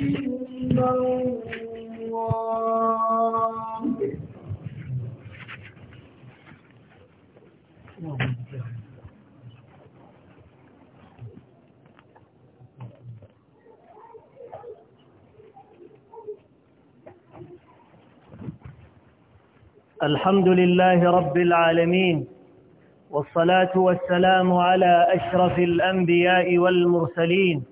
الله الحمد لله رب العالمين والصلاة والسلام على أشرف الأنبياء والمرسلين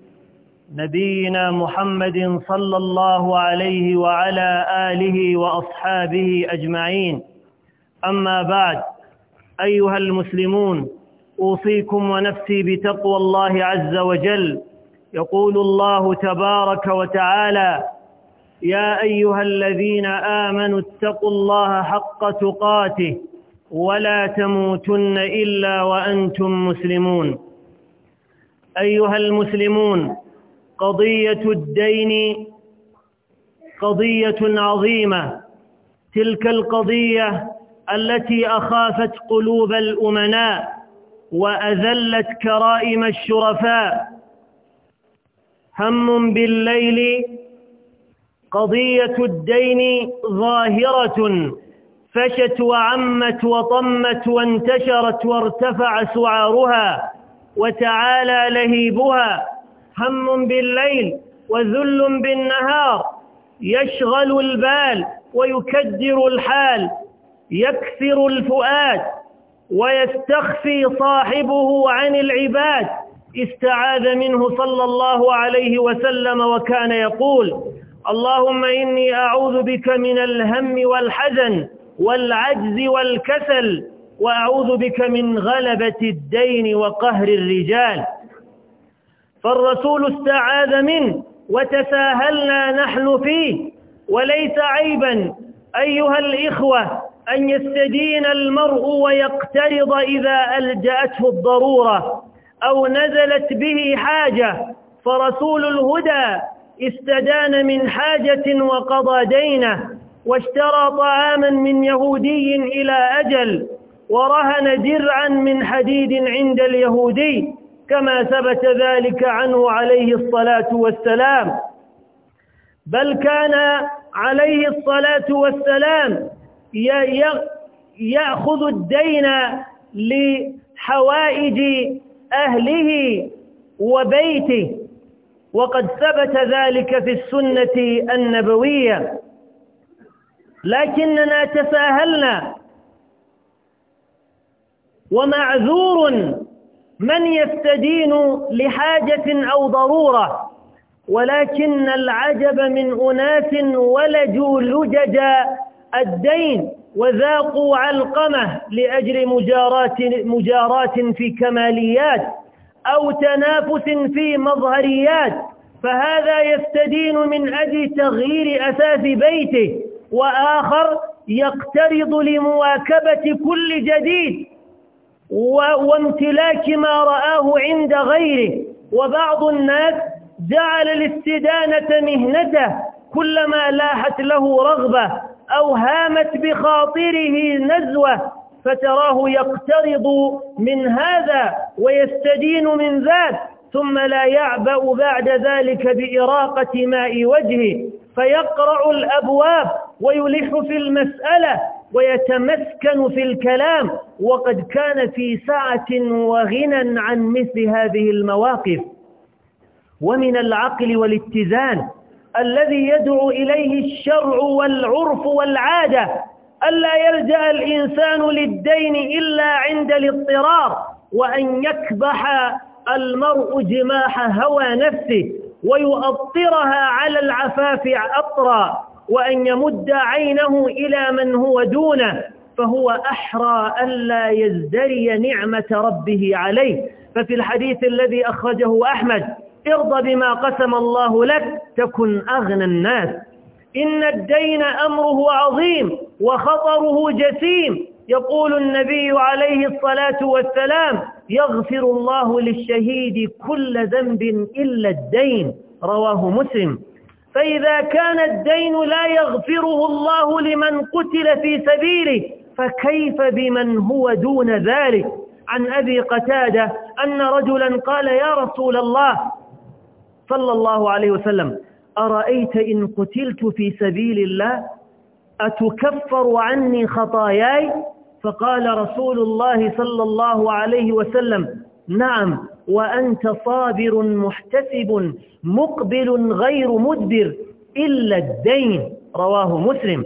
نبينا محمد صلى الله عليه وعلى آله وأصحابه أجمعين أما بعد أيها المسلمون أوصيكم ونفسي بتقوى الله عز وجل يقول الله تبارك وتعالى يا أيها الذين آمنوا اتقوا الله حق تقاته ولا تموتن إلا وأنتم مسلمون أيها المسلمون قضية الدين قضية عظيمة تلك القضية التي أخافت قلوب الأمناء وأذلت كرائم الشرفاء هم بالليل قضية الدين ظاهرة فشت وعمت وطمت وانتشرت وارتفع سعارها وتعالى لهيبها هم بالليل وذل بالنهار يشغل البال ويكدر الحال يكسر الفؤاد ويستخفي صاحبه عن العباد استعاذ منه صلى الله عليه وسلم وكان يقول اللهم إني أعوذ بك من الهم والحزن والعجز والكسل وأعوذ بك من غلبة الدين وقهر الرجال فالرسول استعاذ منه وتساهلنا نحن فيه وليس عيبا أيها الإخوة أن يستدين المرء ويقترض إذا ألجأته الضرورة أو نزلت به حاجة فرسول الهدى استدان من حاجة وقضى دينه واشترى طعاما من يهودي إلى أجل ورهن درعا من حديد عند اليهودي كما ثبت ذلك عنه عليه الصلاة والسلام بل كان عليه الصلاة والسلام يأخذ الدين لحوائج أهله وبيته وقد ثبت ذلك في السنة النبوية لكننا تساهلنا ومعذور من يستدين لحاجة أو ضرورة ولكن العجب من أناس ولجوا لجج الدين وذاقوا علقمة لأجل مجارات, مجارات في كماليات أو تنافس في مظهريات فهذا يستدين من أجل تغيير أثاث بيته وآخر يقترض لمواكبة كل جديد وامتلاك ما رآه عند غيره وبعض الناس جعل الاستدانة مهنته كلما لاحت له رغبة أو هامت بخاطره نزوة فتراه يقترض من هذا ويستدين من ذاك ثم لا يعبأ بعد ذلك بإراقة ماء وجهه فيقرع الأبواب ويلح في المسألة ويتمكن في الكلام وقد كان في سعة وغنى عن مثل هذه المواقف ومن العقل والاتزان الذي يدعو إليه الشرع والعرف والعادة ألا يلجأ الإنسان للدين إلا عند الاضطرار وأن يكبح المرء جماح هوى نفسه ويؤطرها على العفاف أطرا وأن يمد عينه إلى من هو دونه فهو أحرى ألا يزدري نعمة ربه عليه ففي الحديث الذي أخرجه أحمد ارض بما قسم الله لك تكن أغنى الناس إن الدين أمره عظيم وخطره جسيم يقول النبي عليه الصلاة والسلام يغفر الله للشهيد كل ذنب إلا الدين رواه مسلم فإذا كان الدين لا يغفره الله لمن قتل في سبيله فكيف بمن هو دون ذلك عن أبي قتادة أن رجلا قال يا رسول الله صلى الله عليه وسلم أرأيت إن قتلت في سبيل الله أتكفر عني خطاياي فقال رسول الله صلى الله عليه وسلم نعم وأنت صابر محتسب مقبل غير مدبر إلا الدين رواه مسلم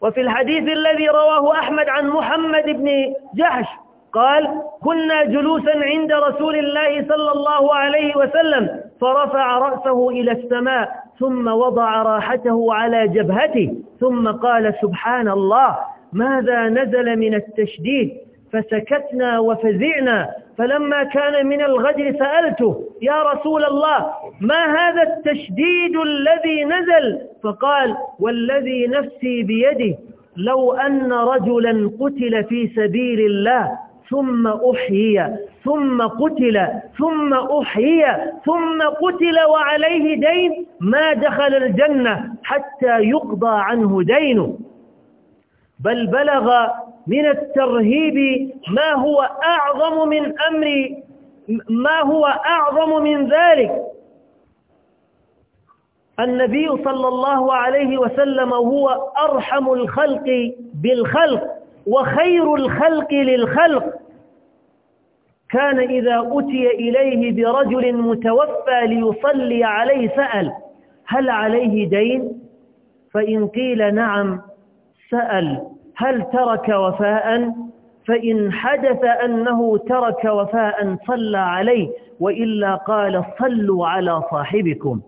وفي الحديث الذي رواه أحمد عن محمد بن جحش قال كنا جلوسا عند رسول الله صلى الله عليه وسلم فرفع رأسه إلى السماء ثم وضع راحته على جبهته ثم قال سبحان الله ماذا نزل من التشديد فسكتنا وفزعنا فلما كان من الغدر سألته يا رسول الله ما هذا التشديد الذي نزل فقال والذي نفسي بيده لو أن رجلا قتل في سبيل الله ثم أحيي ثم قتل ثم أحيي ثم قتل وعليه دين ما دخل الجنة حتى يقضى عنه دينه بل بلغ من الترهيب ما هو أعظم من أمر ما هو أعظم من ذلك النبي صلى الله عليه وسلم هو أرحم الخلق بالخلق وخير الخلق للخلق كان إذا أتي إليه برجل متوفى ليصلي عليه سأل هل عليه دين فإن قيل نعم سأل هل ترك وفاء فإن حدث أنه ترك وفاء صلى عليه وإلا قال صلوا على صاحبكم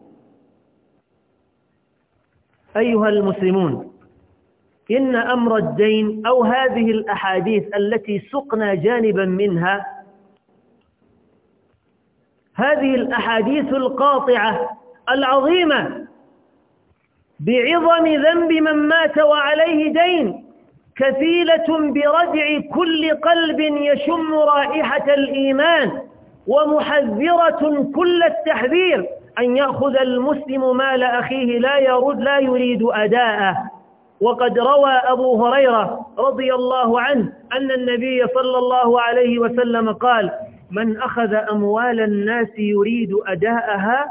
أيها المسلمون إن أمر الدين أو هذه الأحاديث التي سقنا جانبا منها هذه الأحاديث القاطعة العظيمة بعظم ذنب من مات وعليه دين كفيلة بردع كل قلب يشم رائحة الإيمان ومحذرة كل التحذير أن يأخذ المسلم مال أخيه لا يرد لا يريد أداءه وقد روى أبو هريرة رضي الله عنه أن النبي صلى الله عليه وسلم قال من أخذ أموال الناس يريد أداءها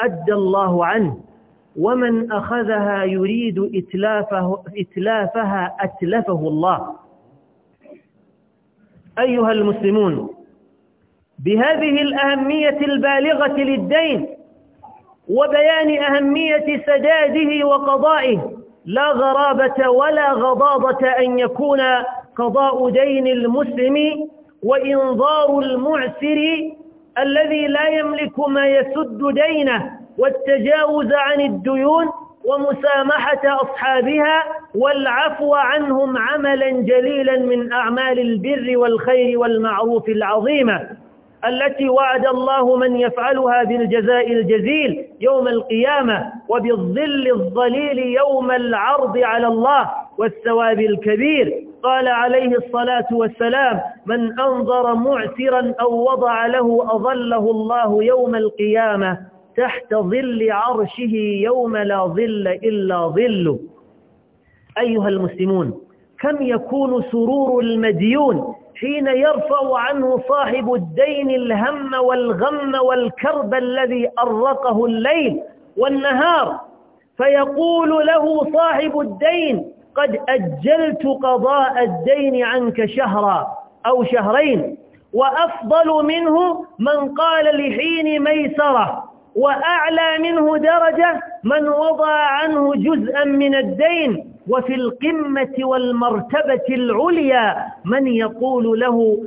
أدى الله عنه ومن أخذها يريد إتلافه إتلافها أتلفه الله أيها المسلمون بهذه الأهمية البالغة للدين وبيان أهمية سداده وقضائه لا غرابة ولا غضاضة أن يكون قضاء دين المسلم وإنظار المعسر الذي لا يملك ما يسد دينه والتجاوز عن الديون ومسامحة أصحابها والعفو عنهم عملا جليلا من أعمال البر والخير والمعروف العظيمة التي وعد الله من يفعلها بالجزاء الجزيل يوم القيامة وبالظل الظليل يوم العرض على الله والثواب الكبير قال عليه الصلاة والسلام من أنظر معسرا أو وضع له أظله الله يوم القيامة تحت ظل عرشه يوم لا ظل إلا ظله أيها المسلمون كم يكون سرور المديون حين يرفع عنه صاحب الدين الهم والغم والكرب الذي أرقه الليل والنهار فيقول له صاحب الدين قد أجلت قضاء الدين عنك شهرا أو شهرين وأفضل منه من قال لحين ميسرة وأعلى منه درجة من وضع عنه جزءا من الدين وفي القمة والمرتبة العليا من يقول له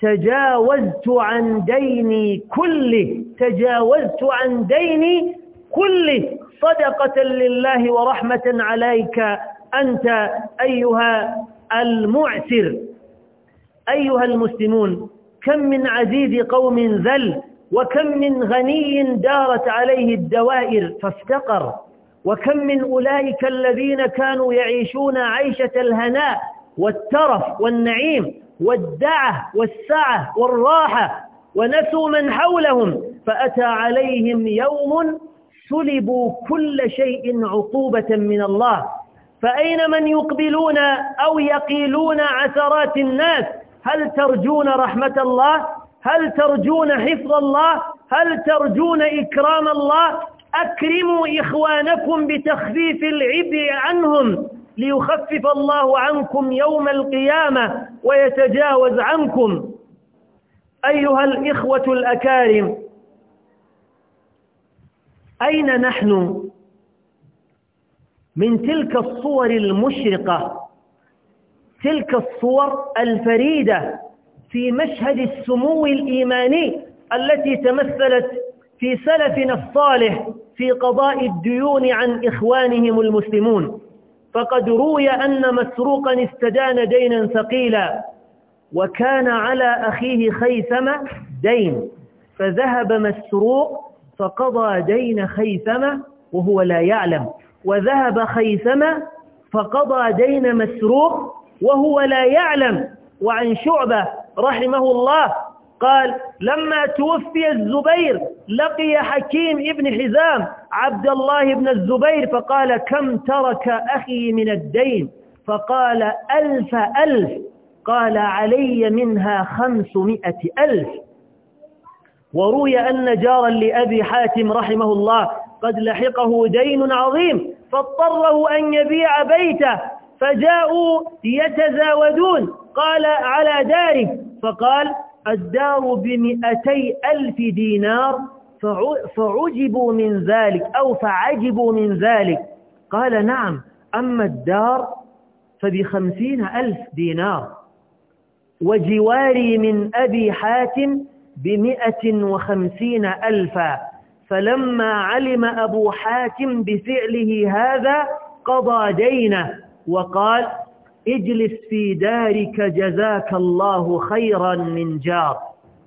تجاوزت عن ديني كله تجاوزت عن ديني كله صدقة لله ورحمة عليك أنت أيها المعسر أيها المسلمون كم من عزيز قوم ذل وكم من غني دارت عليه الدوائر فافتقر وكم من أولئك الذين كانوا يعيشون عيشة الهناء والترف والنعيم والدعة والسعة والراحة ونسوا من حولهم فأتى عليهم يوم سلبوا كل شيء عقوبة من الله فأين من يقبلون أو يقيلون عثرات الناس هل ترجون رحمة الله هل ترجون حفظ الله هل ترجون إكرام الله أكرموا إخوانكم بتخفيف العبء عنهم ليخفف الله عنكم يوم القيامة ويتجاوز عنكم أيها الإخوة الأكارم أين نحن من تلك الصور المشرقة تلك الصور الفريدة في مشهد السمو الإيماني التي تمثلت في سلفنا الصالح في قضاء الديون عن إخوانهم المسلمون فقد روي أن مسروقا استدان دينا ثقيلا وكان على أخيه خيثمة دين فذهب مسروق فقضى دين خيثمة وهو لا يعلم وذهب خيثمة فقضى دين مسروق وهو لا يعلم وعن شعبة رحمه الله قال لما توفي الزبير لقي حكيم ابن حزام عبد الله بن الزبير فقال كم ترك أخي من الدين فقال ألف ألف قال علي منها خمسمائة ألف وروي أن جارا لأبي حاتم رحمه الله قد لحقه دين عظيم فاضطره أن يبيع بيته فجاءوا يتزاودون قال على دارك فقال الدار بمئتي ألف دينار فعجبوا من ذلك أو فعجبوا من ذلك قال نعم أما الدار فبخمسين ألف دينار وجواري من أبي حاتم بمئة وخمسين ألفا فلما علم أبو حاتم بفعله هذا قضى دينه وقال اجلس في دارك جزاك الله خيرا من جار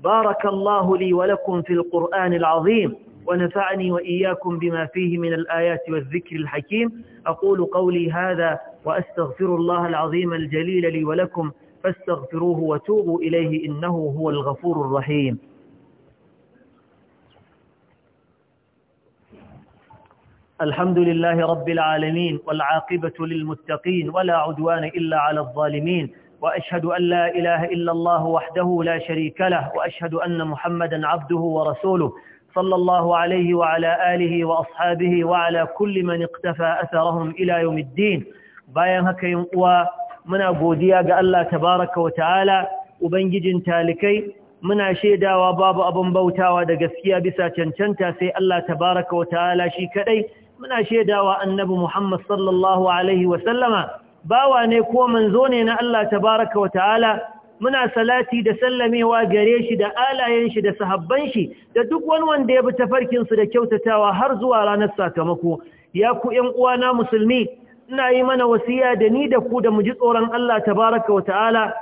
بارك الله لي ولكم في القرآن العظيم ونفعني وإياكم بما فيه من الآيات والذكر الحكيم أقول قولي هذا وأستغفر الله العظيم الجليل لي ولكم فاستغفروه وتوبوا إليه إنه هو الغفور الرحيم الحمد لله رب العالمين والعاقبة للمتقين ولا عدوان إلا على الظالمين وأشهد أن لا إله إلا الله وحده لا شريك له وأشهد أن محمدا عبده ورسوله صلى الله عليه وعلى آله وأصحابه وعلى كل من اقتفى أثرهم إلى يوم الدين بايان هكا yin uwa muna الله تبارك وتعالى tabaraka تالكي ta'ala ubangijin talikai muna shaidawa ودقسيا بسا bautawa da gaskiya الله تبارك وتعالى شيكا muna shaidawa annabi Muhammad sallallahu alaihi wasallama bawa ne ko manzo ne na Allah tabaraka wa ta'ala muna salati da sallamewa gare shi da alayen shi da sahabban shi da duk wani wanda ya bi tafarkin su da kyautatawa har zuwa ranar sakamako ya ku ƴan uwana musulmi ina yi mana wasiya da ni da ku da mu ji tsoron Allah tabaraka wa ta'ala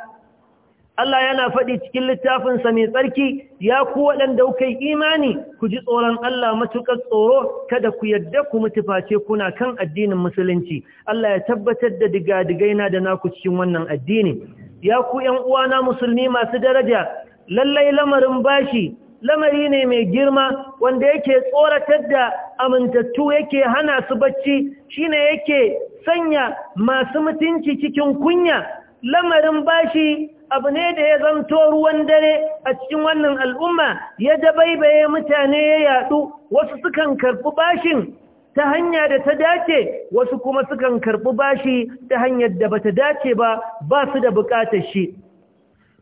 Allah yana faɗi cikin littafinsa mai tsarki ya ku waɗanda kuka yi imani ku ji tsoron Allah matuƙar tsoro kada ku yadda ku mutuface kuna kan addinin musulunci Allah ya tabbatar da digadigaina da naku cikin wannan addini ya ku ƴan uwana musulmi masu daraja lallai lamarin bashi lamari ne mai girma wanda yake tsoratar da amintattu yake hana su bacci shine yake sanya masu mutunci cikin kunya lamarin bashi abu ne da ya zanto ruwan dare a cikin wannan al'umma ya dabaibaye mutane ya yadu wasu sukan karɓi bashin ta hanya da ta dace wasu kuma sukan karɓi bashi ta hanyar da bata dace ba ba su da buƙatar shi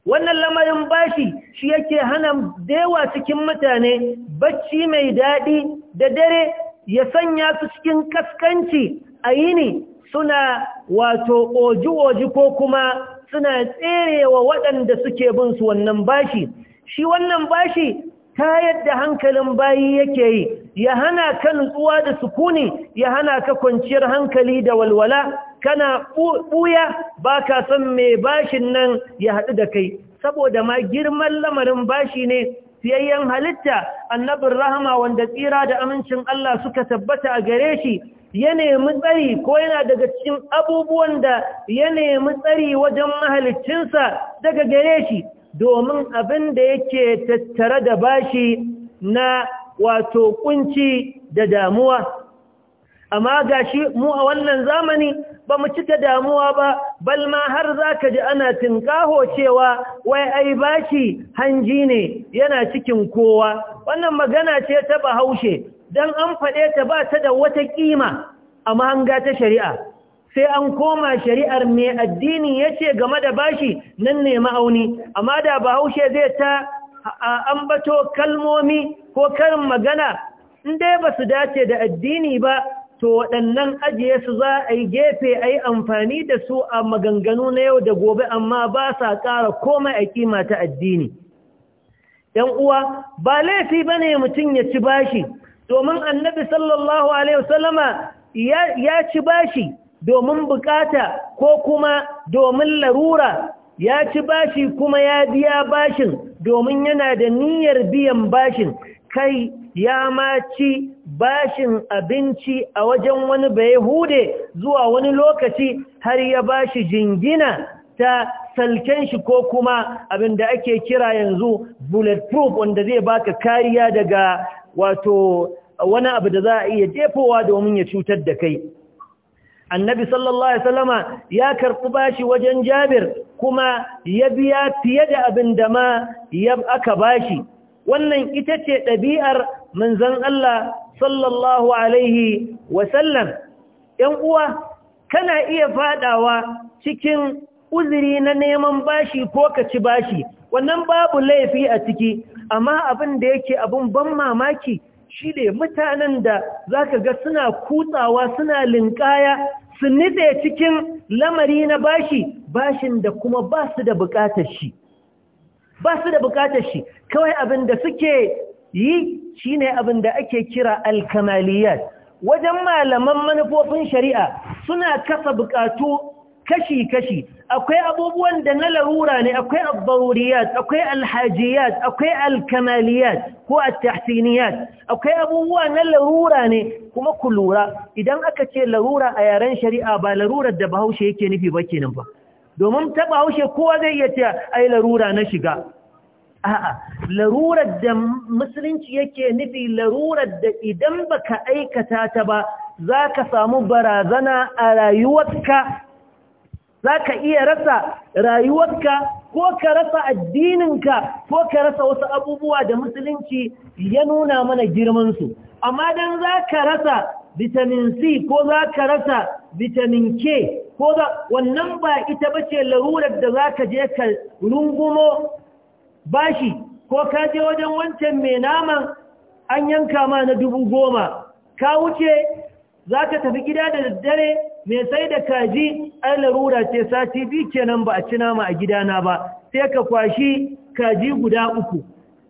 wannan lamarin bashi shi yake hana dewa cikin mutane bacci mai daɗi da dare ya sanya su cikin kaskanci a yini suna wato oji-oji ko kuma suna tserewa waɗanda suke bin su wannan bashi shi wannan bashi ta yadda hankalin bayi yake yi ya hana ka nutsuwa da sukuni ya hana ka kwanciyar hankali da walwala kana ɓuya ba ka san mai bashin nan ya haɗu da kai saboda ma girman lamarin bashi ne siyayyen halitta annabin rahama wanda tsira da amincin Allah suka tabbata a gare shi ya nemi tsari ko yana daga cikin abubuwan da ya nemi tsari wajen mahalicinsa daga gare shi domin abin da yake tattare da bashi na wato kunci da damuwa amma ga shi mu a wannan zamani ba mu cika damuwa ba bal ma har za ka ji ana tinkaho cewa wai ai bashi hanji ne yana cikin kowa wannan magana ce ta bahaushe don an faɗe ta ba ta da wata ƙima a mahanga ta shari'a sai an koma shari'ar mai addini ya ce game da bashi nan ne ma'auni amma da bahaushe zai ta ambato kalmomi ko karin magana inda ba su dace da addini ba to waɗannan ajiye su za a yi gefe a yi amfani da su a maganganu na yau da gobe amma ba sa ƙara komai a ƙima ta addini ‘yan uwa ba laifi ba ne mutum ya ci bashi domin annabi sallallahu alaihi wasallama ya ci bashi domin bukata ko kuma domin larura ya ci bashi kuma ya biya bashin domin yana da niyyar biyan bashin kai ya ma ci bashin abinci a wajen wani bai hude zuwa wani lokaci har ya bashi jingina ta salken shi ko kuma abinda ake kira yanzu bulletproof wanda zai baka kariya daga wato wani abu da za a iya jefowa domin ya cutar da kai annabi sallallahu alaihi ya karɓi bashi wajen jabir kuma ya biya fiye da abin da ma ya aka bashi wannan ita ce ɗabi'ar manzon Allah sallallahu alaihi wasallam ‘yan uwa kana iya faɗawa cikin uzuri na neman bashi ko ka ci bashi wannan babu laifi a ciki amma abin da yake abin ban mamaki shi ne mutanen da za ka ga suna kutsawa suna linkaya su nitse cikin lamari na bashi bashin da kuma ba su da bukatar shi ba su da bukatar shi kawai abin da suke yi shi ne abin da ake kira alkamaliyar. wajen malaman manufofin shari'a suna kasa bukatu kashi-kashi akwai abubuwan da na larura ne akwai abbauriyat akwai alhajiyat akwai alkamaliyat ko attahsiniyat akwai abubuwa na larura ne kuma ku lura idan aka ce larura a yaren shari'a ba larurar da bahaushe yake nufi ba kenan ba domin ta bahaushe kowa zai iya ce ai larura na shiga a'a larurar da musulunci yake nufi larurar da idan baka aikata ta ba za ka samu barazana a rayuwarka za ka iya rasa rayuwarka ko ka rasa addininka ko ka rasa wasu abubuwa da musulunci ya nuna mana girmansu amma don za ka rasa vitamin c ko za ka rasa vitamin k ko za wannan ba ita ba ce larurar da za ka je ka rungumo bashi ko ka je wajen wancan mai naman an yanka ma na dubu goma ka wuce za ka tafi gida da daddare Me sai da kaji ai larura ce sati biyu kenan ba a ci nama a gidana ba sai ka kwashi kaji guda uku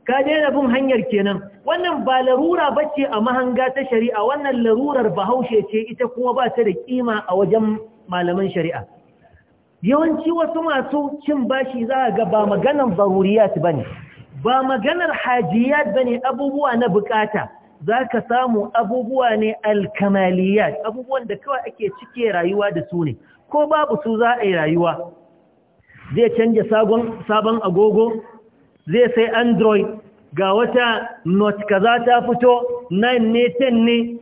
ka daina bin hanyar kenan wannan ba larura ba ce a mahanga ta shari'a wannan larurar bahaushe ce ita kuma ba ta da kima a wajen malaman shari'a yawanci wasu masu cin bashi za ga ba maganar zaruriyat ba ne ba maganar hajiyat ba ne abubuwa na bukata za ka samu abubuwa ne alkamaliyat abubuwan da kawai ake cike rayuwa da su ne ko babu su za a yi rayuwa zai canja sabon agogo zai sai android ga wata not kaza ta fito 9 ne 10 ne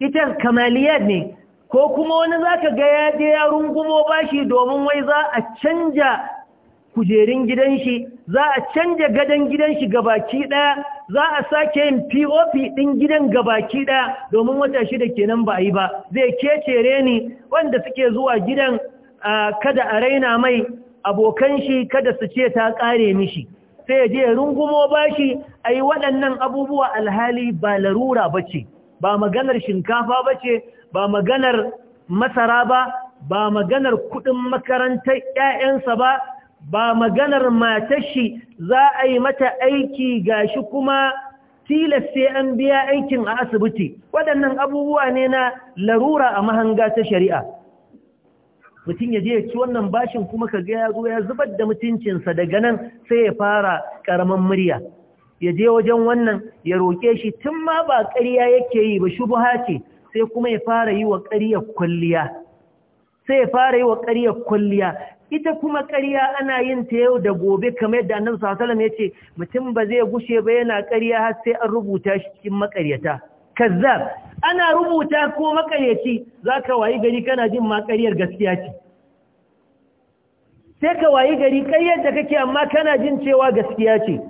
ita kamaliyat ne ko kuma wani za ka ga ya ya rungumo bashi domin wai za a canja kujerin gidan shi za a canja gadon gidan shi ga baki ɗaya za a sake yin pop ɗin gidan gabaki ɗaya domin wata shida kenan ba a yi ba zai kecere ni wanda suke zuwa gidan kada a raina mai abokan shi kada su ce ta ƙare mishi sai je rungumo bashi a yi waɗannan abubuwa alhali ba larura ba ce ba maganar shinkafa ba ce ba maganar masara ba ba maganar kuɗin makarantar 'ya'yansa ba ba maganar matar shi za a yi mata aiki ga shi kuma tilas sai an biya aikin a asibiti waɗannan abubuwa ne na larura a mahanga ta shari'a mutum ya je ya ci wannan bashin kuma ka ga yazo ya zubar da mutuncinsa daga nan sai ya fara ƙaramin murya ya je wajen wannan ya roƙe shi tun ma ba ƙarya yake yi ba shubuha ce sai kuma ya fara yi wa ƙaryar kwalliya sai ya fara yi wa ƙaryar kwalliya ita kuma ƙarya ana yin ta yau da gobe kamar yadda annabi sallallahu alaihi ya ce mutum ba zai gushe ba yana ƙarya har sai an rubuta shi cikin makaryata kazzab ana rubuta ko makaryaci zaka wayi gari kana jin ma ƙaryar gaskiya ce sai ka wayi gari ƙaryar da kake amma kana jin cewa gaskiya ce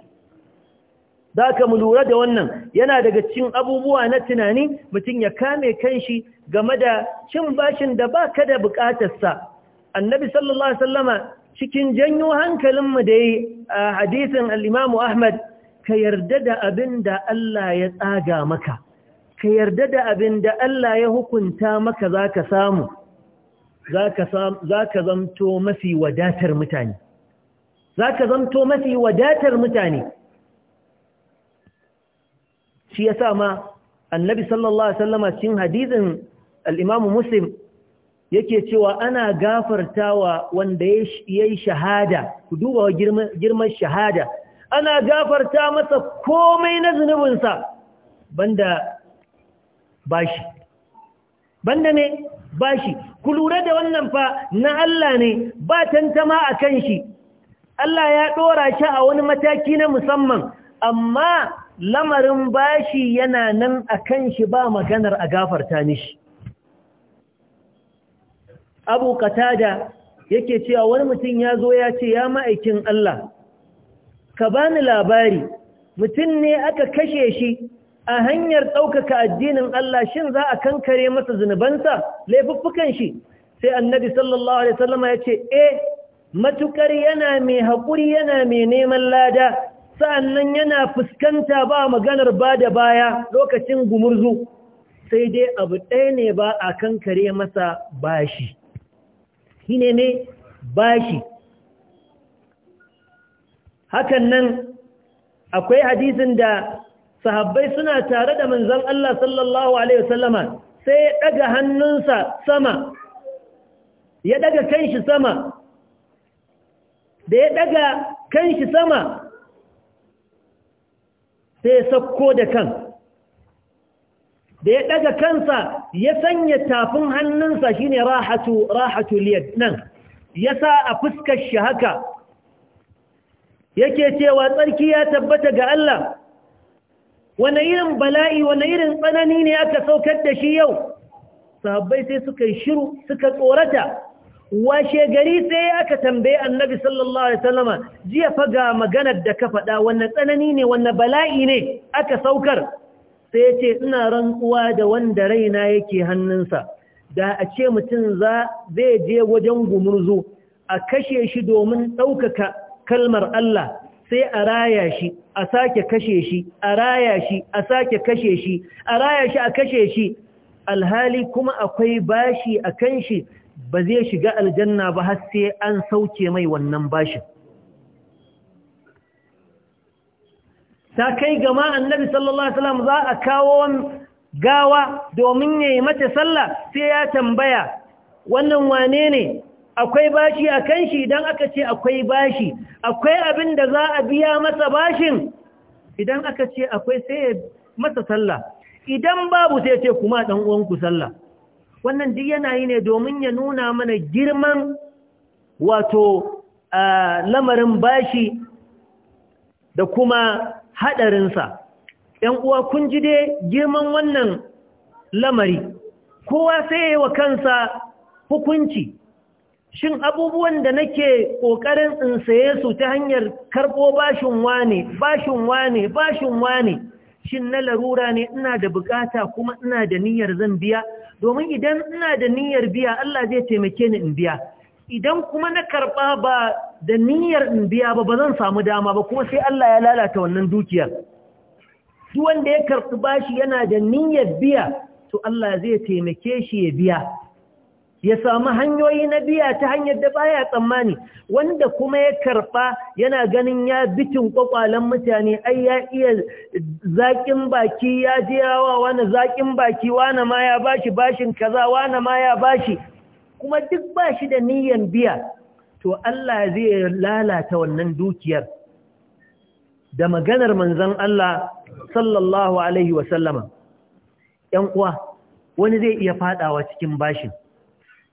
zaka mu lura da wannan yana daga cikin abubuwa na tunani mutum ya kame kanshi game da cin bashin da baka ka da buƙatarsa annabi sallallahu alaihi wasallama cikin janyo hankalinmu da yi a hadisin al'imamu Ahmad, ka yarda da abin da Allah ya tsaga maka, ka yarda da abin da Allah ya hukunta maka za ka samu, za ka zamto mafi wadatar mutane. Za ka zamto mafi wadatar mutane. Shi ya sa ma, annabi sallallahu Alaihi wasallama cikin hadisin al'imamu Muslim, yake cewa ana gafartawa wanda ya yi shahada ku duba girman shahada ana gafarta masa komai na zunubinsa banda bashi banda ne bashi ku lura da wannan fa na Allah ne ba tantama a kan shi Allah ya ɗora shi a wani mataki na musamman amma lamarin bashi yana nan a kan shi ba maganar a gafarta mishi abu katada yake cewa wani mutum ya zo ya ce ya ma'aikin Allah ka bani labari mutum ne aka kashe shi a hanyar ɗaukaka addinin Allah shin za a kankare masa zunubansa laifuffukan shi sai annabi sallallahu alaihi wasallama ya ce e, eh, matukar yana mai haƙuri yana mai neman lada sa'annan yana fuskanta ba maganar ba da baya lokacin gumurzu sai dai abu ɗaya ne ba a kankare masa bashi shi ne bashi hakan nan akwai hadisin da sahabbai suna tare da manzon Allah sallallahu alaihi wasallama sai ya daga hannunsa sama ya daga kanshi sama da ya daga kanshi sama sai ya sakko da kan da ya ɗaga kansa ya sanya tafin hannunsa shine rahatu rahatu liyad nan yasa a fuskar shi haka yake cewa tsarki ya tabbata ga Allah wane irin bala'i wane irin tsanani ne aka saukar da shi yau sahabbai sai suka yi shiru suka tsorata washe gari sai aka tambaye annabi sallallahu alaihi wasallama jiya faga maganar da ka faɗa wannan tsanani ne wannan bala'i ne aka saukar sai ce ina rantsuwa da wanda raina yake hannunsa da a ce mutum za zai je wajen gumurzo, a kashe shi domin ɗaukaka kalmar Allah sai a raya shi a sake kashe shi a raya shi a sake kashe shi a raya shi a kashe shi alhali kuma akwai bashi a kan shi ba zai shiga aljanna ba har sai an sauke mai wannan bashin ta kai gama annabi sallallahu alaihi wasallam za a kawo gawa domin yayi mata sallah sai ya tambaya wannan wane ne akwai bashi a kan shi idan aka ce akwai bashi akwai abin da za a biya masa bashin idan aka ce akwai sai ya masa sallah idan babu sai ce kuma dan uwanku sallah wannan duk yana yi ne domin ya nuna mana girman wato lamarin bashi da kuma haɗarinsa ‘yan uwa kun ji dai girman wannan lamari kowa sai yi wa kansa hukunci shin abubuwan da nake ƙoƙarin in saye su ta hanyar karɓo bashin wane bashin wane bashin wane shin na larura ne ina da bukata kuma ina da niyyar zan biya domin idan ina da niyyar biya Allah zai taimake ni in biya idan kuma na karɓa ba da niyyar in biya ba ba zan samu dama ba kuma sai Allah ya lalata wannan dukiyar Su wanda ya karɓi bashi yana da niyyar biya to Allah zai taimake shi ya biya ya samu hanyoyi na biya ta hanyar da baya tsammani wanda kuma ya karɓa yana ganin ya bikin kwakwalen mutane ai ya iya zaƙin baki ya je wani zaƙin baki wani ma ya bashi bashin kaza wani ma ya bashi kuma duk bashi da niyyar biya to Allah zai lalata wannan dukiyar da maganar manzan Allah sallallahu Alaihi wasallama ‘yan uwa wani zai iya fadawa cikin bashin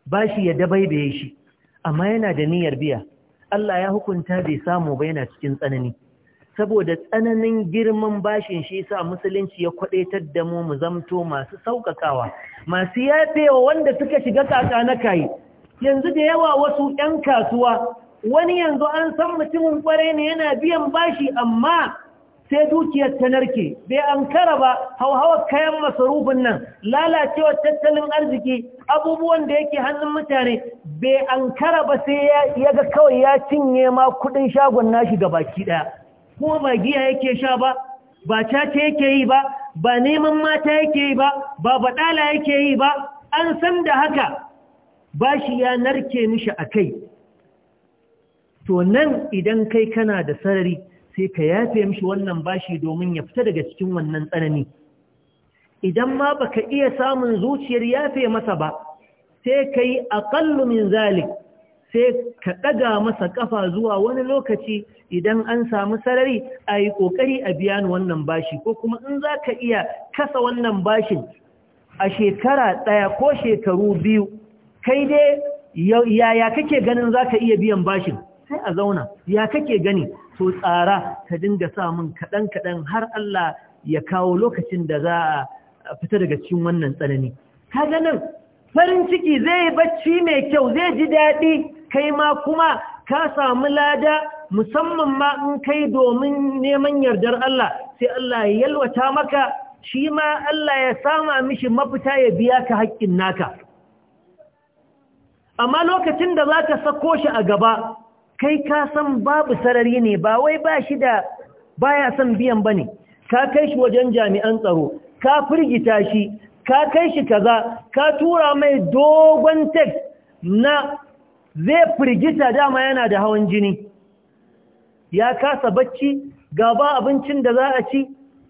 bashi ya dabaibaye shi amma yana da niyyar biya Allah ya hukunta bai samu ba yana cikin tsanani saboda tsananin girman bashin shi sa musulunci ya kwadaitar da mu mu zamto masu sauƙaƙawa, masu yafewa wanda suka shiga kaka na kai yanzu da yawa wasu 'yan kasuwa wani yanzu an san mutumin kware ne yana biyan bashi amma sai dukiyar ta narke bai an kara ba hauhawar kayan masarufin nan lalacewar tattalin arziki abubuwan da yake hannun mutane bai an kara ba sai ya ga kawai ya cinye ma kudin shagon nashi ga baki daya kuma ba giya yake sha ba ba cace yake yi ba ba neman mata yake yi ba ba baɗala yake yi ba an san da haka bashi ya narke mishi a kai to nan idan kai kana da sarari sai ka yafe mishi wannan bashi domin ya fita daga cikin wannan tsanani idan ma baka iya samun zuciyar yafe masa ba sai ka yi aƙallu min zalik sai ka ɗaga masa ƙafa zuwa wani lokaci idan an samu sarari a yi ƙoƙari a biyan wannan bashi ko kuma in za ka iya kasa wannan bashin a shekara ɗaya ko shekaru biyu kai dai yaya kake ganin za ka iya biyan bashin sai a zauna ya kake gani to tsara ka dinga samun kaɗan-kaɗan har Allah ya kawo lokacin da za a fita daga cikin wannan tsanani kaga nan farin ciki zai yi bacci mai kyau zai ji daɗi kai ma kuma ka samu lada musamman ma in kai domin neman yardar Allah sai Allah ya yalwata maka shi ma Allah ya sama mishi mafita ya biya ka hakkin naka amma lokacin da za ka sako shi a gaba kai ka san babu sarari ne ba wai ba shi da baya son biyan ba ne ka kai shi wajen jami'an tsaro ka firgita shi ka kai shi kaza ka tura mai dogon tek na zai firgita dama yana da hawan jini ya kasa bacci gaba abincin da za a ci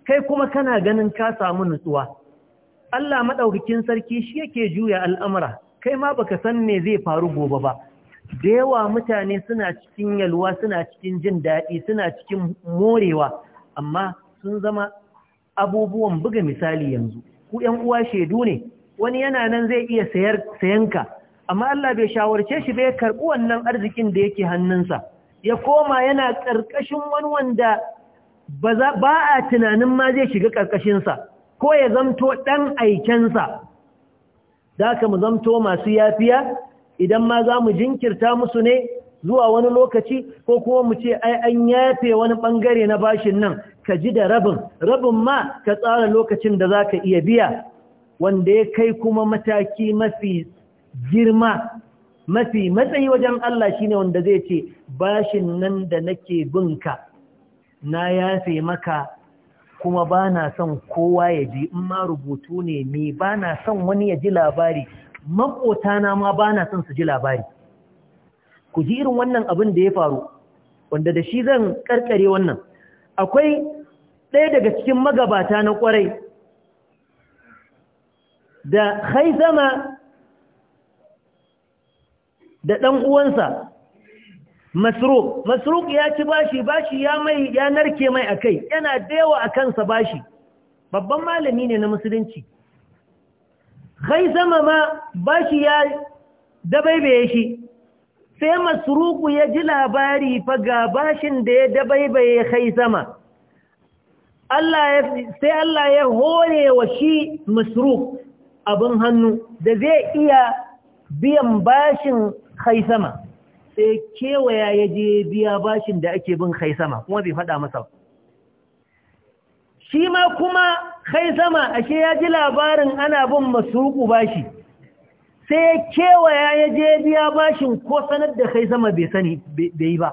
kai kuma kana ganin ka samu nutsuwa Allah maɗaukakin sarki shi yake juya al'amura kai ma baka san me zai faru gobe ba da yawa mutane suna cikin yalwa suna cikin jin daɗi suna cikin morewa amma sun zama abubuwan buga misali yanzu ku ‘yan uwa shaidu ne wani yana nan zai iya sayanka amma Allah bai shawarce shi bai karɓi wannan arzikin da yake hannunsa ya koma yana ƙarƙashin wani wanda ba a tunanin ma zai shiga ƙarƙashinsa ko ya zamto ɗan aikensa da ka mu zamto masu yafiya idan ma za mu jinkirta musu ne zuwa wani lokaci ko kuma mu ce ai an yafe wani bangare na bashin nan ka ji da rabin rabin ma ka tsara lokacin da za ka iya biya wanda ya kai kuma mataki mafi girma mafi matsayi wajen Allah shine wanda zai ce bashin nan da nake binka na yafe maka kuma ba na son kowa ya ji in ma rubutu ne me ba na son wani ya ji labari maƙotana ma ba na son su ji labari ku ji irin wannan abin da ya faru wanda da shi zan ƙarƙare wannan akwai ɗaya daga cikin magabata na ƙwarai da haizama da ɗan uwansa Masruk. Masruk ya ci bashi bashi ya mai ya narke mai akai yana dawa a kansa bashi babban malami ne na musulunci Kai zama ma bashi ya dabaibaye shi sai masruku ya ji labari fa ga bashin da ya dabaibaye zama Allah sai Allah ya hore wa shi masruk abin hannu da zai iya biyan bashin kai zama. sai kewaya ya je biya bashin da ake bin kai sama, kuma bai faɗa masa shi ma kuma kai sama ashe ya ji labarin ana bin masuku bashi sai kewaya ya je biya bashin ko sanar da sama bai sani bai ba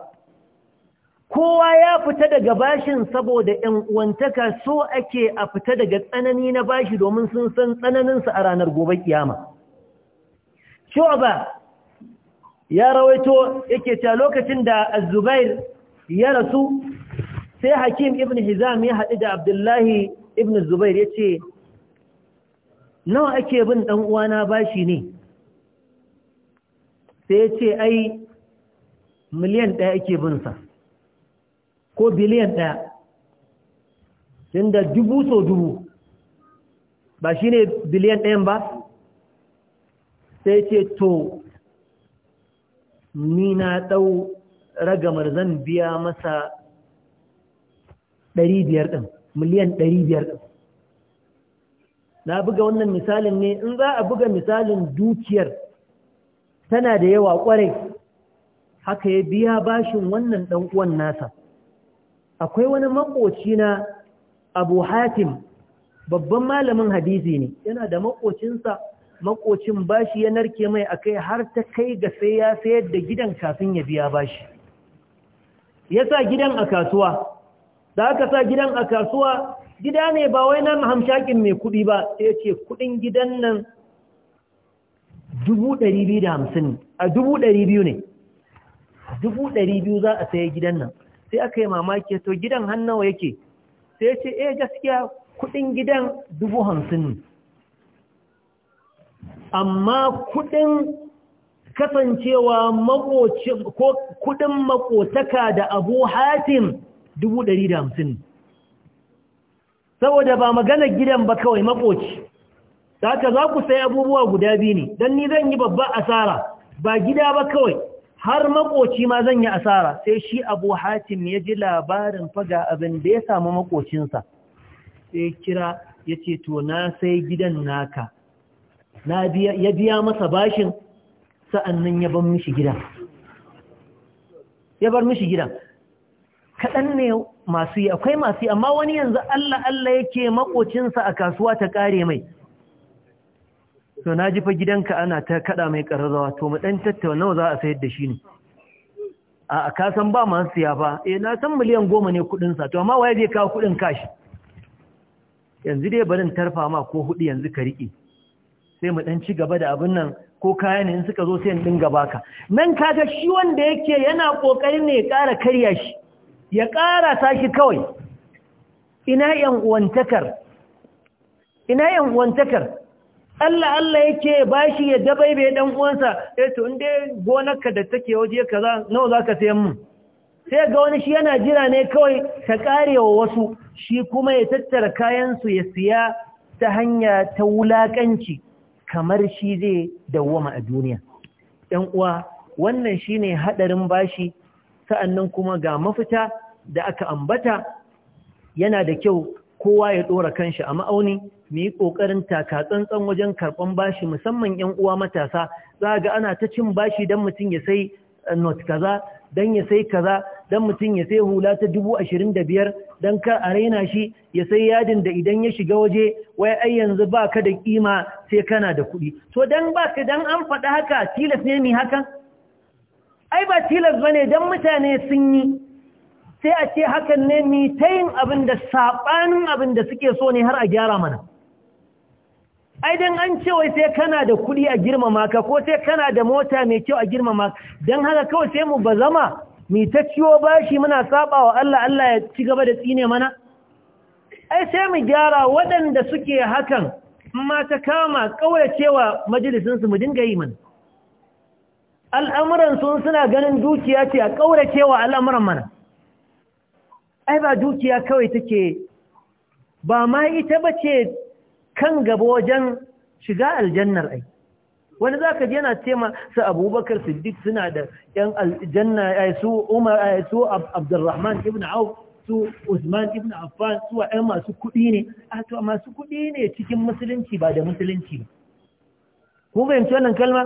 kowa ya fita daga bashin saboda ‘yan uwantaka so ake a fita daga tsanani na bashi domin sun san tsananinsa a ranar gobe kiyama. Shu'aba ya rawaito yake cewa lokacin da az-zubair ya rasu sai hakim ibn hizam ya haɗu da abdullahi ibn zubair ya ce nawa ake bin ɗan uwana bashi ne sai ya ce ai miliyan ɗaya ake sa ko biliyan ɗaya tunda dubu so dubu ba shine biliyan ɗayan ba sai ce to ni na ɗau ragamar zan biya masa ɗari biyar ɗin miliyan ɗari biyar ɗin na buga wannan misalin ne in za a buga misalin dukiyar tana da yawa ƙwarai haka ya biya bashin wannan ɗan uwan nasa akwai wani maƙoci na abu hatim babban malamin hadisi ne yana da maƙocinsa. makocin bashi ya narke mai a kai har ta kai ga sai ya sayar da gidan kafin ya biya bashi ya sa gidan a kasuwa da aka sa gidan a kasuwa gida ne ba wai na hamshakin mai kuɗi ba sai ce kuɗin gidan nan dubu ɗari biyu da hamsin, a dubu ɗari biyu ne Dubu ɗari biyu za a sayi gidan nan sai aka yi mamaki to gidan hannawa yake sai ce eh gaskiya kuɗin gidan dubu hamsin ne amma kudin kasancewa ko kudin makotaka da abu hatim hamsin. saboda ba maganar gidan ba kawai makoci saka za ku sai abubuwa guda biyu ne Dan ni zan yi babba asara ba gida ba kawai har makoci ma zan yi asara sai shi abu hatim ya ji labarin faga abin da ya samu makocinsa sai kira yace to na sai gidan naka ya biya masa bashin sa'annan ya bar mishi gida ya bar mishi gida kaɗan ne masu yi akwai masu yi amma wani yanzu Allah Allah yake makocinsa a kasuwa ta ƙare mai to na ji fa gidanka ana ta kaɗa mai ƙararrawa to maɗan ɗan tattauna za a sayar da shi ne a kasan ba masu siya ba eh na san miliyan goma ne kuɗinsa to amma waye zai kawo kuɗin kashi yanzu dai barin tarfa ma ko huɗu yanzu ka riƙe sai mu ɗan ci gaba da abin nan ko kaya ne in suka zo sai in dinga baka nan kaga shi wanda yake yana kokarin ne ya ƙara karya shi ya ƙara ta shi kawai ina yan uwantakar ina yan uwantakar Allah Allah yake bashi ya dabaibe dan uwansa eh to in dai gonarka da take waje kaza nawa zaka sayan mu sai ga wani shi yana jira ne kawai ta karewa wasu shi kuma ya tattara kayan su ya siya ta hanya ta wulaƙanci. kamar shi zai dawwama a duniya ɗan uwa wannan shi ne haɗarin bashi sa'annan kuma ga mafita da aka ambata yana da kyau kowa ya ɗora kanshi a ma'auni mu yi ƙoƙarin tsantsan wajen karɓan bashi musamman 'yan uwa matasa za ga ana ta cin bashi don mutum ya sai not kaza don ya sai kaza don mutum ya sai hula ta dubu ashirin da biyar don kar a raina shi ya sai yadin da idan ya shiga waje wai ai yanzu ba ka da kima sai kana da kuɗi to don ba ka don an faɗa haka tilas ne mi hakan ai ba tilas ba ne don mutane sun yi sai a ce hakan ne mi ta yin abin da saɓanin abin da suke so ne har a gyara mana Ai don an ce wai sai kana da kuɗi a girmama ka ko sai kana da mota mai kyau a girmama don haka kawai sai mu ba zama mai ta ciwo bashi muna saba wa Allah Allah ya ci gaba da tsine mana ai sai mu gyara waɗanda suke hakan amma ta kama kawai cewa majalisinsu mu dinga yi mana al'amuran sun suna ganin dukiya ce a kawai cewa al'amuran mana. Ai, ba dukiya kawai take ba ma ita ba kan gaba wajen shiga aljannar ai wani za ka yana ce su abubakar siddiq suna da yan aljanna ya su umar ya su abdurrahman ibn auf su usman ibn affan su ai masu kuɗi ne a to masu kuɗi ne cikin musulunci ba da musulunci ba kun fahimci wannan kalma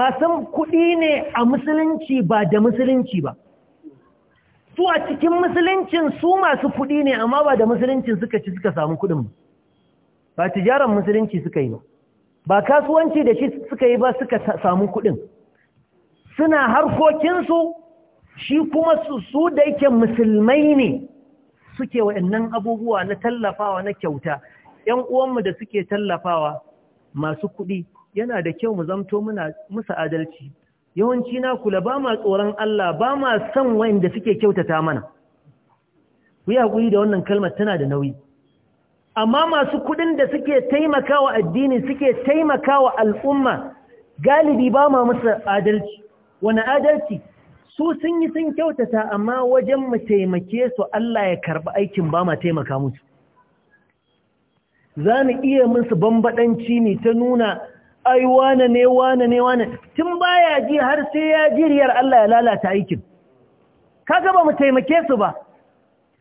masu kuɗi ne a musulunci ba da musulunci ba su a cikin musuluncin su masu kuɗi ne amma ba da musuluncin suka ci suka samu kuɗin ba ba tijaran musulunci suka yi ba ba kasuwanci da shi suka yi ba suka samu kuɗin suna harkokinsu shi kuma su da yake musulmai ne suke wa'annan abubuwa na tallafawa na kyauta ‘yan uwanmu da suke tallafawa masu kuɗi yana da kyau mu zamto muna musa adalci yawanci na kula ba ma tsoron Allah ba ma son wa'anda suke kyautata mana ku yi haƙuri da wannan kalmar tana da nauyi amma masu kuɗin da suke taimakawa addini suke taimakawa al'umma galibi ba ma musu adalci wani adalci su sun yi sun kyautata amma wajen mu taimake su Allah ya karɓi aikin ba ma taimaka musu za mu iya musu bambadanci ne ta nuna ai wane ne wane ne wane tun baya ji har sai ya jiriyar Allah ya lalata aikin kaga ba mu taimake su ba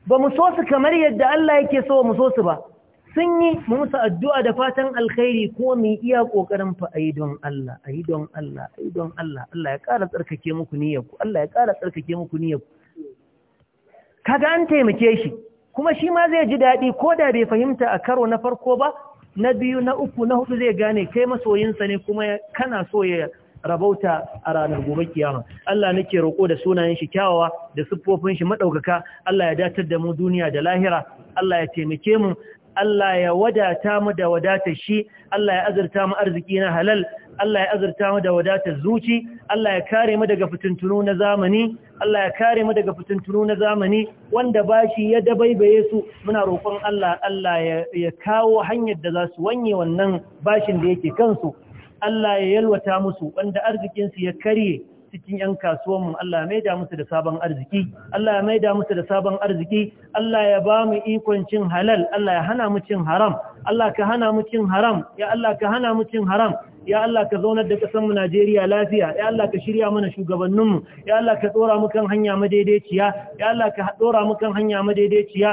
ba mu so su kamar yadda Allah yake so mu so su ba sun yi musu addu'a da fatan alkhairi ko mai iya ƙoƙarin fa yi don Allah yi don Allah yi don Allah Allah ya ƙara tsarkake muku niyyarku Allah ya ƙara tsarkake muku niyyarku kaga an taimake shi kuma shi ma zai ji daɗi ko da bai fahimta a karo na farko ba na biyu na uku na hudu zai gane kai masoyinsa ne kuma kana so ya rabauta a ranar gobe kiyama Allah nake roƙo da sunayen shi kyawawa da siffofin shi maɗaukaka. Allah ya datar da mu duniya da lahira Allah ya taimake mu Allah ya wadata mu da wadatar shi Allah ya azurta mu arziki na halal Allah ya azurta mu da wadatar zuci Allah ya kare mu daga fitintunu na zamani Allah ya kare mu daga fitintunu na zamani wanda bashi ya dabaibaye su muna roƙon Allah Allah ya kawo hanyar da za su wanye wannan bashin da yake kansu Allah ya yalwata musu wanda arzikinsu ya karye cikin ‘yan kasuwanmu Allah mai da musu da sabon arziki, Allah mai da musu da sabon arziki, Allah ya ba mu ikon cin halal, Allah ya hana mu cin haram, Allah ka hana mu cin haram, ya Allah ka hana mu cin haram, ya Allah ka zaunar da mu Najeriya lafiya, ya Allah ka shirya mana shugabanninmu, ya Allah ka tsora mu kan hanya madaidaiciya, ya Allah ka tsora mu kan hanya madaidaiciya,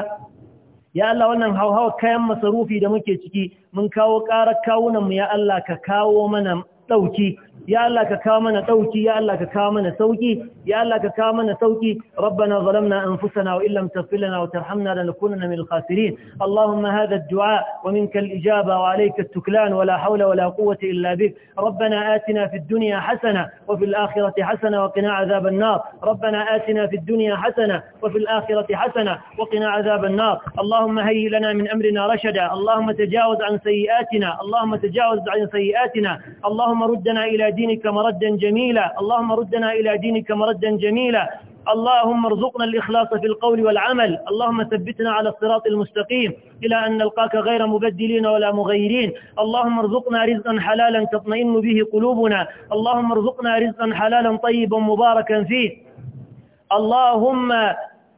ya Allah wannan hauhawa kayan masarufi da muke ciki mun kawo ƙarar kawunanmu ya Allah ka kawo mana ɗauki يا الله ككامنا توكي يا الله ككامنا توكي يا الله ككامنا توكي ربنا ظلمنا أنفسنا وإن لم تغفر لنا وترحمنا لنكونن من الخاسرين اللهم هذا الدعاء ومنك الإجابة وعليك التكلان ولا حول ولا قوة إلا بك ربنا آتنا في الدنيا حسنة وفي الآخرة حسنة وقنا عذاب النار ربنا آتنا في الدنيا حسنة وفي الآخرة حسنة وقنا عذاب النار اللهم هيئ لنا من أمرنا رشدا اللهم تجاوز عن سيئاتنا اللهم تجاوز عن سيئاتنا اللهم ردنا إلى دينك مردا جميلا اللهم ردنا إلى دينك مردا جميلا اللهم ارزقنا الإخلاص في القول والعمل اللهم ثبتنا على الصراط المستقيم إلى أن نلقاك غير مبدلين ولا مغيرين اللهم ارزقنا رزقا حلالا تطمئن به قلوبنا اللهم ارزقنا رزقا حلالا طيبا مباركا فيه اللهم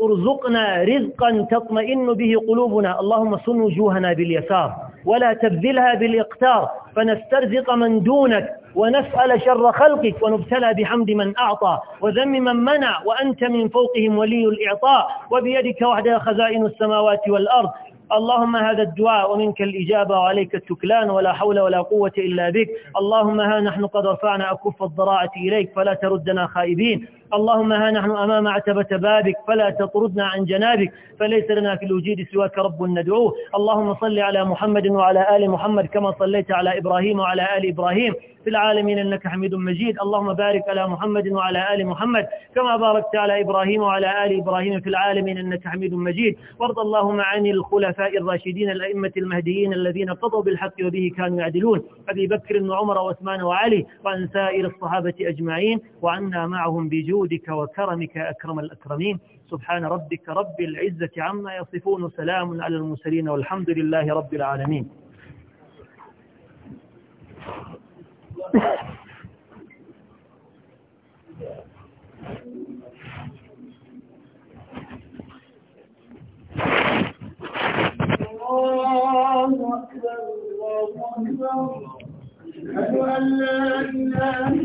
ارزقنا رزقا تطمئن به قلوبنا اللهم سن وجوهنا باليسار ولا تبذلها بالاقتار فنسترزق من دونك ونسأل شر خلقك ونبتلى بحمد من أعطى وذم من منع وأنت من فوقهم ولي الإعطاء وبيدك وحدها خزائن السماوات والأرض اللهم هذا الدعاء ومنك الإجابة وعليك التكلان ولا حول ولا قوة إلا بك اللهم ها نحن قد رفعنا أكف الضراعة إليك فلا تردنا خائبين اللهم ها نحن أمام عتبة بابك فلا تطردنا عن جنابك فليس لنا في الوجود سواك رب ندعوه اللهم صل على محمد وعلى آل محمد كما صليت على إبراهيم وعلى آل إبراهيم في العالمين إنك حميد مجيد اللهم بارك على محمد وعلى آل محمد كما باركت على إبراهيم وعلى آل إبراهيم في العالمين إنك حميد مجيد وارض اللهم عن الخلفاء الراشدين الأئمة المهديين الذين قضوا بالحق وبه كانوا يعدلون أبي بكر وعمر وعثمان وعلي وعن سائر الصحابة أجمعين وعنا معهم بجود جودك وكرمك أكرم الأكرمين سبحان ربك رب العزة عما يصفون سلام على المرسلين والحمد لله رب العالمين الله أكبر الله أكبر أشهد أن لا إله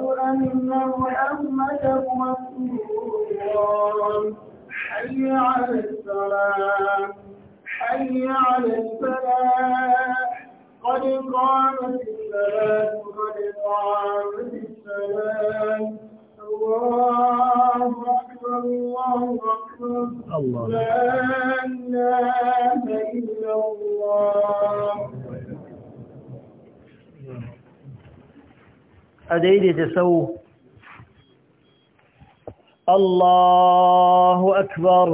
أنه أحمد مسؤول حي على الصلاة حي على الفلاح قد قامت الصلاة قد قامت الصلاة الله أكبر الله أكبر لا إله إلا الله a daidaita sau الله أكبر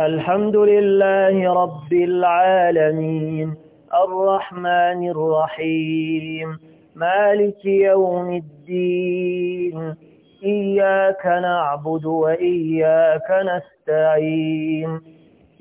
الحمد لله رب العالمين الرحمن الرحيم مالك يوم الدين إياك نعبد وإياك نستعين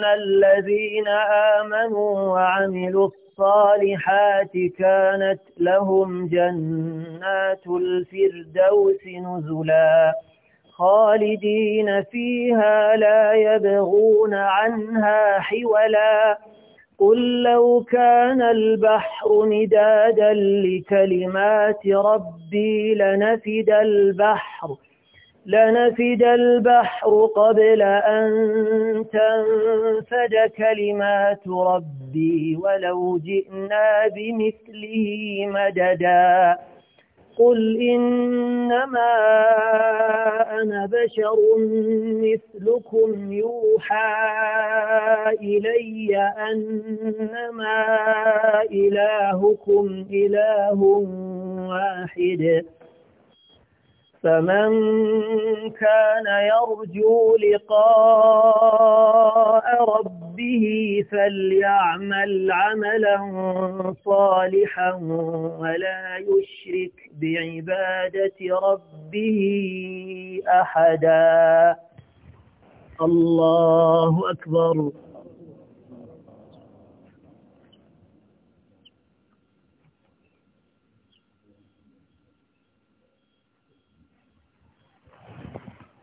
إن الذين آمنوا وعملوا الصالحات كانت لهم جنات الفردوس نزلا خالدين فيها لا يبغون عنها حولا قل لو كان البحر مدادا لكلمات ربي لنفد البحر لنفد البحر قبل أن تنفد كلمات ربي ولو جئنا بمثله مددا قل إنما أنا بشر مثلكم يوحى إلي أنما إلهكم إله واحد فمن كان يرجو لقاء ربه فليعمل عملا صالحا ولا يشرك بعبادة ربه أحدا الله أكبر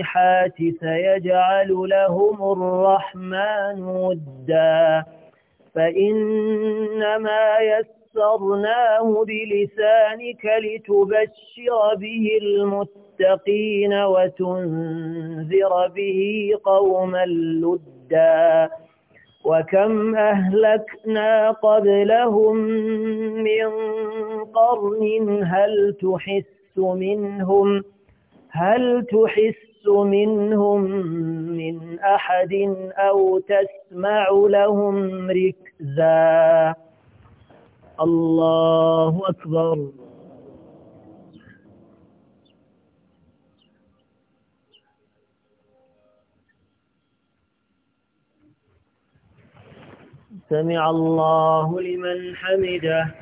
الصالحات سيجعل لهم الرحمن ودا فإنما يسرناه بلسانك لتبشر به المتقين وتنذر به قوما لدا وكم أهلكنا قبلهم من قرن هل تحس منهم هل تحس تحس منهم من أحد أو تسمع لهم ركزا الله أكبر سمع الله لمن حمده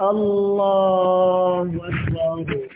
الله أكبر